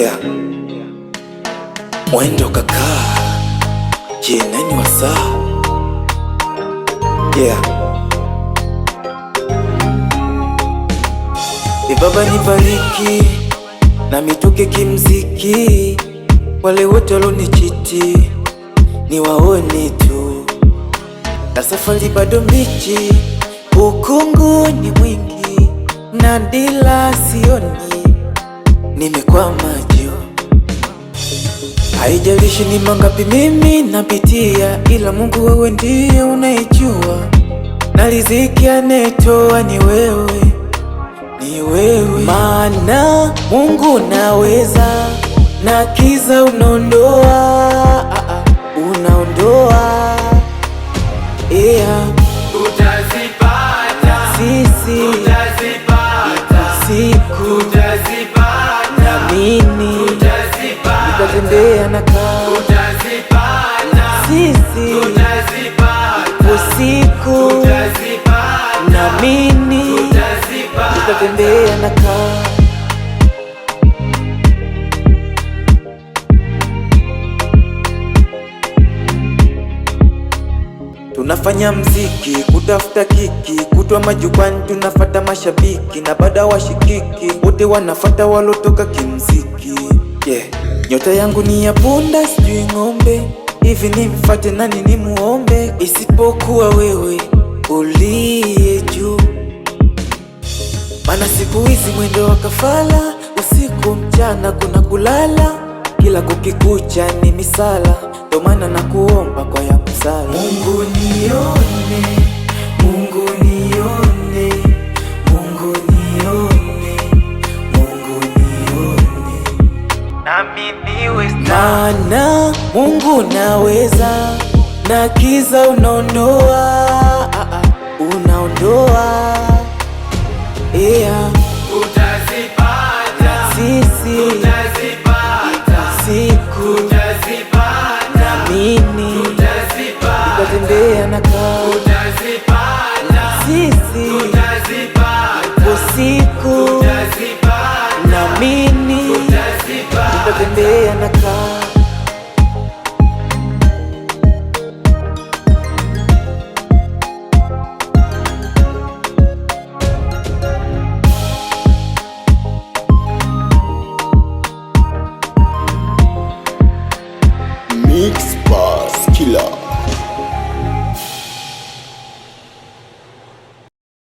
yeah. Mwendo kakaa, je, nani wasaa? yeah. ibaba nibariki na mituke kimziki, wale wote walonichiti ni waone tu, na safari bado mbichi, ukungu ni mwingi na dila sioni nimekwama Haijalishi ni mangapi mimi napitia, ila Mungu wewe ndiye unaijua, na riziki anayetoa ni wewe, ni wewe. Maana Mungu naweza na kiza unaondoa, ah, ah, unaondoa yeah. Utazipata, sisi utazipata. tutazimbea na sisi usiku na mini tutatembea na kaa Tunafanya mziki kutafuta kiki, kutwa majukwani tunafata mashabiki, na baada washikiki wote wanafata walotoka kimziki yeah. Nyota yangu ni ya punda, sijui ng'ombe, hivi nimfate nani nimuombe? Isipokuwa wewe uliye juu, mana siku hizi mwendo wa kafala, usiku mchana kuna kulala kila kukikucha ni misala, ndo maana na kuomba kwa ya msala. Mungu nione Maana Mungu naweza na kiza unaondoa, ah, ah, unaondoa yeah. Utazipata, sisi utazipata, siku utazipata, na mimi na utazipata sisi utazipata, usiku utazipata I've been I.